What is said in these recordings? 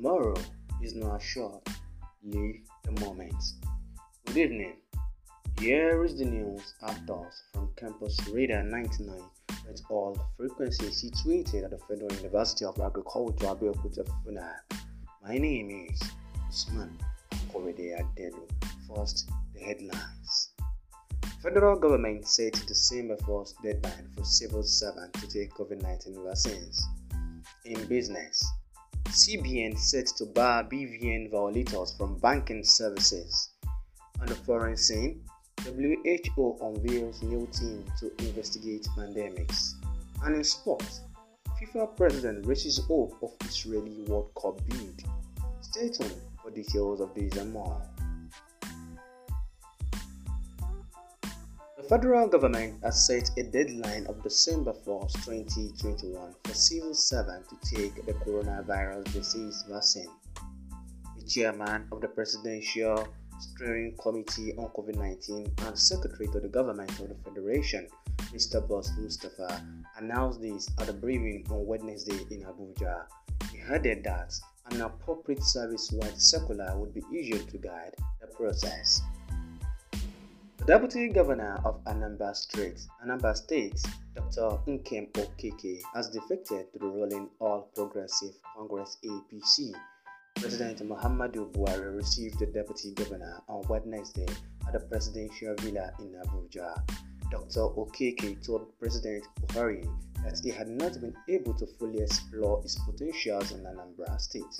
Tomorrow is not assured. Live the moment. Good evening. Here is the news updates from Campus Radar 99 with all frequencies situated at the Federal University of Agriculture, Abeokuta, My name is Usman Korede Adelu. First, the headlines. Federal government set December 1st deadline for civil servants to take COVID-19 vaccines. In business, CBN set to bar BVN violators from banking services. On the foreign scene, WHO unveils new team to investigate pandemics. And in sports, FIFA president raises hope of Israeli World Cup bid. Stay tuned for details of these and more. federal government has set a deadline of December 1, 2021 for civil servants to take the coronavirus disease vaccine. The chairman of the Presidential Steering Committee on COVID 19 and Secretary to the Government of the Federation, Mr. Boss Mustafa, announced this at a briefing on Wednesday in Abuja. He added that an appropriate service wide circular would be issued to guide the process. Deputy Governor of Anambra State, Anambra State, Dr. Nkem Okeke, has defected to the ruling All Progressive Congress APC. President Muhammadu Buhari received the Deputy Governor on Wednesday at the presidential villa in Abuja. Dr. Okeke told President Buhari that he had not been able to fully explore his potentials in Anambra State.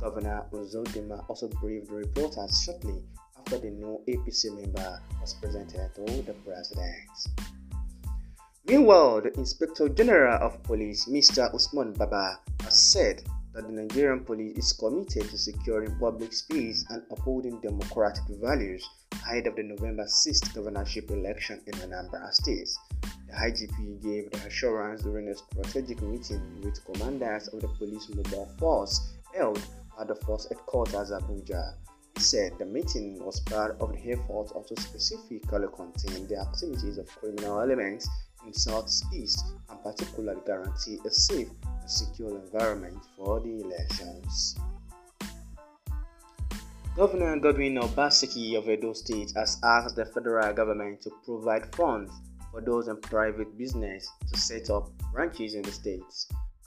Governor Uzodima also briefed reporters shortly that the new APC member was presented to the president. Meanwhile, the Inspector General of Police, Mr. Usman Baba, has said that the Nigerian police is committed to securing public space and upholding democratic values ahead of the November 6th governorship election in Anambra State. The IGP gave the assurance during a strategic meeting with commanders of the police mobile force held at the force headquarters Abuja said the meeting was part of the effort to specifically contain the activities of criminal elements in Southeast and particularly guarantee a safe and secure environment for the elections. Governor Godwin Obaseki of Edo State has asked the federal government to provide funds for those in private business to set up branches in the state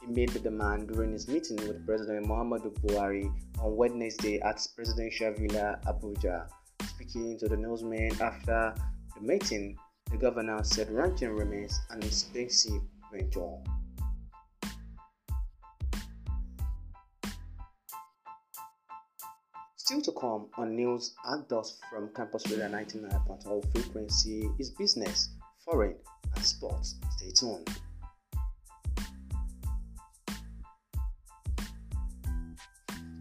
he made the demand during his meeting with President Muhammadu Buhari on Wednesday at Presidential Villa Abuja. Speaking to the newsman after the meeting, the governor said ranching remains an expensive venture. Still to come on news adults from Campus Radio 99.0 frequency is business, foreign, and sports. Stay tuned.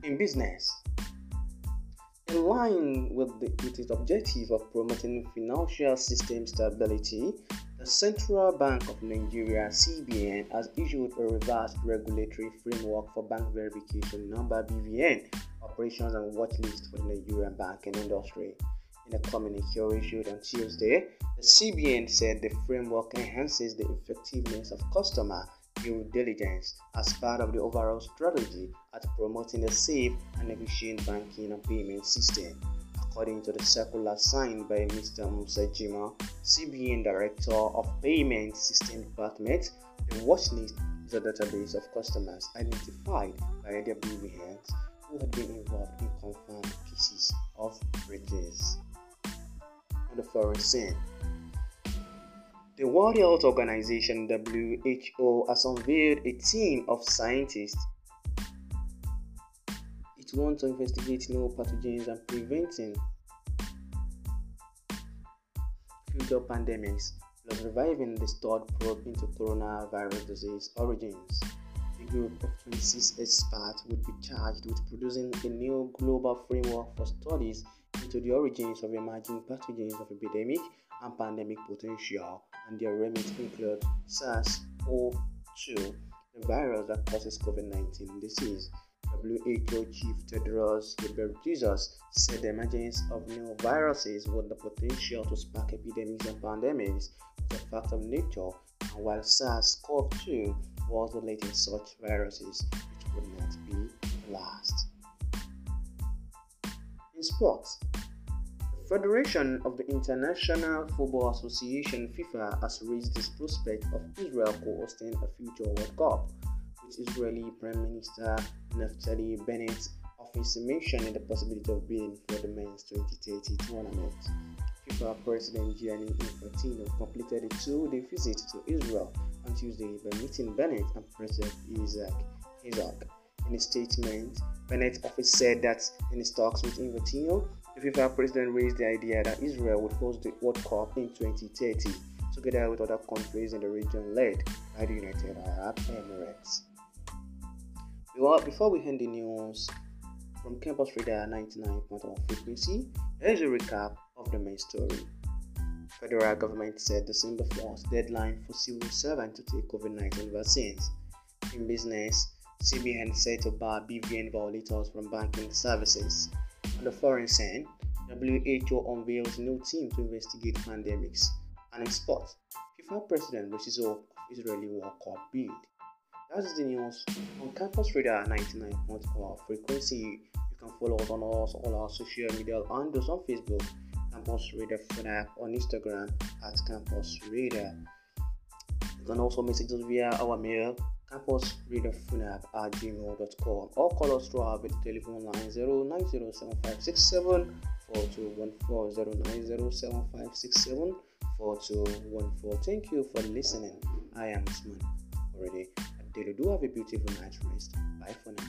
in business. In line with, the, with its objective of promoting financial system stability, the Central Bank of Nigeria (CBN) has issued a revised regulatory framework for bank verification number (BVN) operations and watchlist for the Nigerian banking industry. In a communique issued on Tuesday, the CBN said the framework enhances the effectiveness of customer due diligence as part of the overall strategy at promoting a safe and efficient banking and payment system, according to the circular signed by Mr. Musa Jima, CBN Director of Payment System Department. The watchlist is a database of customers identified by their BVNs who had been involved in confirmed cases of breaches. On the foreign scene the World Health Organization WHO has unveiled a team of scientists. It wants to investigate new pathogens and preventing future pandemics, plus reviving the stored probe into coronavirus disease origins. The group of 26 experts would be charged with producing a new global framework for studies into the origins of emerging pathogens of epidemic and pandemic potential and their remit include SARS-CoV-2, the virus that causes COVID-19 disease. WHO Chief Tedros Ghebreyesus said the emergence of new viruses with the potential to spark epidemics and pandemics was a fact of nature, and while SARS-CoV-2 was the latest such viruses, it would not be the last. In sports, Federation of the International Football Association FIFA has raised the prospect of Israel co-hosting a future World Cup, with Israeli Prime Minister Naftali Bennett office mentioning the possibility of bidding for the men's 2030 tournament. FIFA President Gianni Infantino completed a two-day visit to Israel on Tuesday by meeting Bennett and President Isaac Herzog. In a statement, Bennett's office said that in his talks with Infantino, the FIFA president raised the idea that Israel would host the World Cup in 2030, together with other countries in the region led by the United Arab Emirates. Before we end the news from Campus Radar 99.1 frequency, here is a recap of the main story. Federal government set December 4th deadline for civil servants to take COVID-19 vaccines. In business, CBN set to bar BVN violators from banking services the Foreign WHO unveils new team to investigate pandemics and in sports. FIFA president wishes off Israeli World Cup bid. That is the news on Campus Radar 99.4 frequency. You can follow us on all our social media handles on Facebook, Campus Radar FNAP, on Instagram at Campus Radar. You can also message us via our mail aposreaderfunab at gmail.com or call us through our telephone line 090756742140907567 Thank you for listening. I am Usman already. Daily do have a beautiful night rest. Bye for now.